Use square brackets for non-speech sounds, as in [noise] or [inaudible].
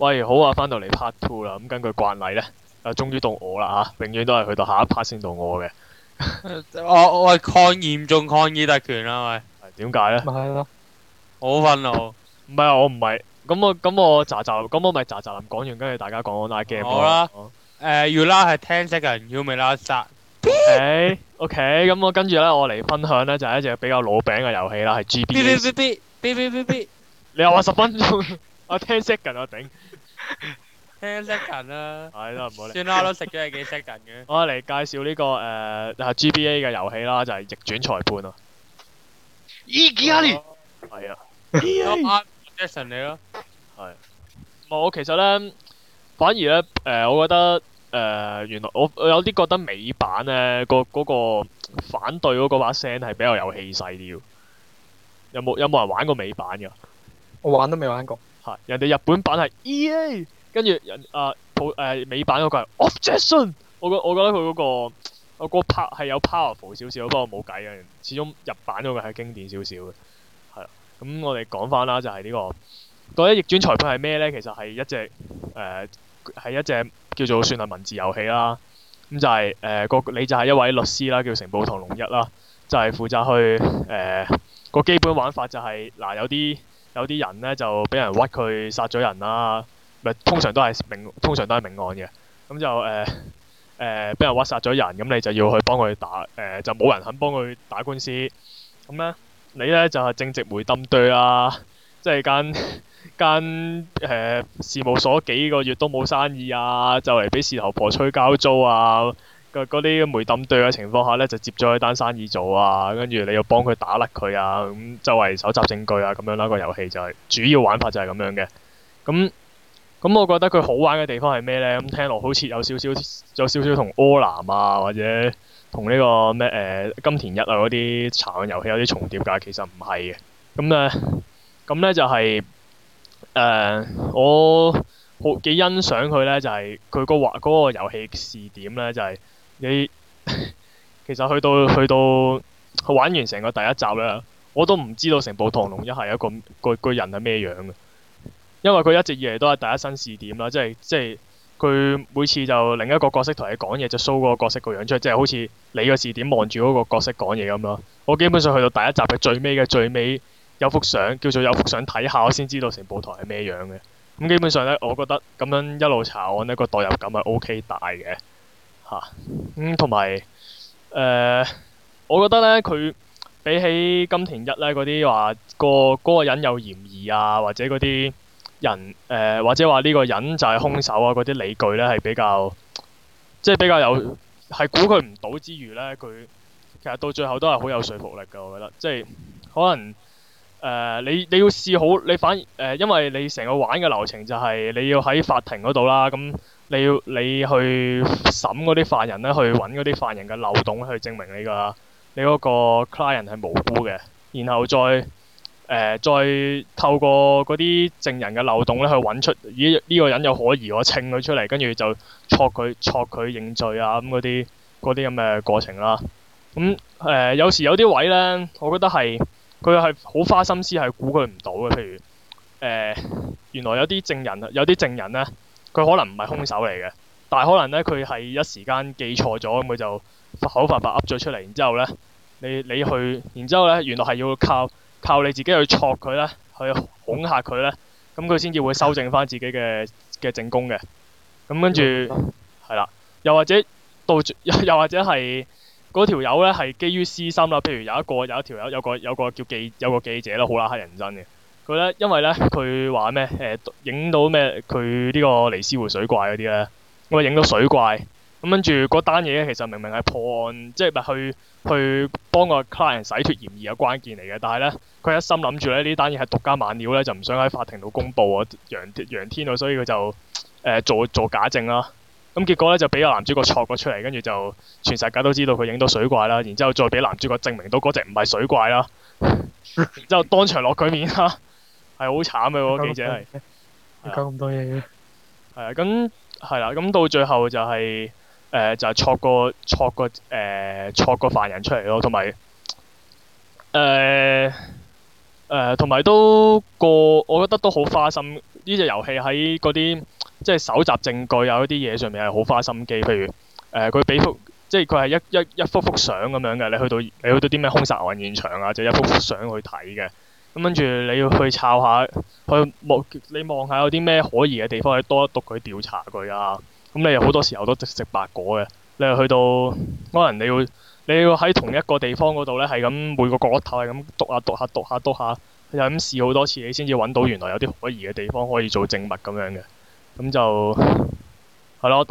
喂，好啊，翻到嚟 part two 啦，咁根據慣例咧，啊終於到我啦吓，永遠都係去到下一 part 先到我嘅。我我係抗嚴重抗議特權啊，喂，係點解咧？咪咯，好憤怒，唔係我唔係，咁我咁我咋咋咁我咪咋咋林講完，跟住大家講我打 game。好啦，誒，you l 係聽識嘅，you may o 誒，OK，咁我跟住咧，我嚟分享咧就係一隻比較老餅嘅遊戲啦，係 GBC。嗶嗶嗶嗶嗶你又話十分鐘？我聽識人，我頂聽識人啦。係都唔好算啦，我都食咗係幾識人嘅。我嚟介紹呢個誒嗱 GBA 嘅遊戲啦，就係逆轉裁判啊。Egali 係啊，Jackson 你咯係。我其實咧反而咧誒，我覺得誒原來我我有啲覺得美版咧個嗰個反對嗰把聲係比較有氣勢啲。有冇有冇人玩過美版噶？我玩都未玩過。係人哋日本版係 E.A. 跟住人啊普誒、啊、美版嗰個係 Objection 我覺我覺得佢嗰、那個、那個拍係有 powerful 少少，不過冇計啊，始終日版嗰個係經典少少嘅。係咁、嗯、我哋講翻啦，就係呢、這個《到底逆轉裁判》係咩咧？其實係一隻誒係一隻叫做算係文字遊戲啦。咁就係誒個你就係一位律師啦，叫成步堂龍一啦，就係、是、負責去誒個、呃、基本玩法就係、是、嗱、呃、有啲。有啲人呢，就俾人屈佢殺咗人啦、啊，咪通常都係明，通常都係命案嘅。咁、嗯、就誒誒，俾、呃、人屈殺咗人，咁、嗯、你就要去幫佢打誒、呃，就冇人肯幫佢打官司。咁、嗯、呢、嗯，你呢，就係正直回抌對啊，即係間間誒、呃、事務所幾個月都冇生意啊，就嚟俾事頭婆催交租啊。嗰啲梅冧隊嘅情況下咧，就接咗佢單生意做啊，跟住你要幫佢打甩佢啊，咁周圍搜集證據啊，咁樣啦，就是。個遊戲就係主要玩法就係咁樣嘅。咁、嗯、咁、嗯，我覺得佢好玩嘅地方係咩咧？咁聽落好似有少少有少少同柯南啊，或者同呢個咩誒、呃、金田一啊嗰啲查案嘅遊戲有啲重疊噶，其實唔係嘅。咁咧咁咧就係、是、誒、呃，我好幾欣賞佢咧，就係、是、佢、嗰個畫嗰、嗰個遊戲視點咧，就係、是。你其實去到去到去玩完成個第一集咧，我都唔知道成部《唐龍一》係一個一個一個人係咩樣嘅，因為佢一直以嚟都係第一身視點啦，即係即係佢每次就另一個角色同你講嘢，就 show 個角色個樣出嚟，即係好似你個視點望住嗰個角色講嘢咁咯。我基本上去到第一集嘅最尾嘅最尾有幅相，叫做有幅相睇下，我先知道成部台係咩樣嘅。咁、嗯、基本上咧，我覺得咁樣一路查案咧，個代入感係 O K 大嘅。嚇同埋誒，我覺得呢，佢比起金田一呢嗰啲話個嗰、嗰個人有嫌疑啊，或者嗰啲人誒、呃，或者話呢個人就係兇手啊，嗰啲理據呢，係比較即係、就是、比較有係估佢唔到之餘呢，佢其實到最後都係好有說服力㗎。我覺得即係、就是、可能誒、呃，你你要試好你反而、呃，因為你成個玩嘅流程就係你要喺法庭嗰度啦咁。你要你去審嗰啲犯人咧，去揾嗰啲犯人嘅漏洞去證明你，你個你嗰個 client 係無辜嘅，然後再誒、呃、再透過嗰啲證人嘅漏洞咧去揾出，咦呢、這個人有可疑，我稱佢出嚟，跟住就捉佢捉佢認罪啊咁嗰啲啲咁嘅過程啦。咁、嗯、誒、呃、有時有啲位咧，我覺得係佢係好花心思，係估佢唔到嘅。譬如誒、呃、原來有啲證人有啲證人咧。佢可能唔係凶手嚟嘅，但係可能咧佢係一時間記錯咗，咁佢就口發發噏咗出嚟，然之後咧，你你去，然之後咧，原來係要靠靠你自己去戳佢咧，去恐嚇佢咧，咁佢先至會修正翻自己嘅嘅證供嘅。咁、嗯、跟住係啦，又或者到又，又或者係嗰條友咧係基於私心啦，譬如有一個有一條友有個有個叫記有個記者啦，好啦，乞人憎嘅。佢咧，因為咧，佢話咩？誒、呃，影到咩？佢呢個尼斯湖水怪嗰啲咧，咁啊影到水怪，咁跟住嗰單嘢咧，其實明明係破案，即係咪去去幫個 client 洗脫嫌疑嘅關鍵嚟嘅，但係咧，佢一心諗住咧呢單嘢係獨家猛料咧，就唔想喺法庭度公佈啊，揚揚天啊，所以佢就誒、呃、做做假證啦。咁結果咧就俾個男主角錯過出嚟，跟住就全世界都知道佢影到水怪啦，然之後再俾男主角證明到嗰隻唔係水怪啦，然之後當場落佢面啦。 [laughs] 係好慘嘅喎，記者係，講咁多嘢嘅。係啊，咁係啦，咁、啊啊、到最後就係、是、誒、呃，就係捉個捉個誒，捉個、呃、犯人出嚟咯，同埋誒誒，同、呃、埋、呃、都個，我覺得都好花心。呢、這、隻、個、遊戲喺嗰啲即係搜集證據啊，一啲嘢上面係好花心機。譬如誒，佢、呃、俾幅，即係佢係一一一幅幅相咁樣嘅。你去到你去到啲咩兇殺案現場啊，就是、一幅幅相去睇嘅。咁跟住你要去抄下，去望你望下有啲咩可疑嘅地方，去多一督佢調查佢啊。咁你好多時候都直食白果嘅，你又去到可能你要你要喺同一個地方嗰度咧，係咁每個角落頭係咁督下督下督下督下，又咁試好多次，你先至揾到原來有啲可疑嘅地方可以做證物咁樣嘅。咁就係咯。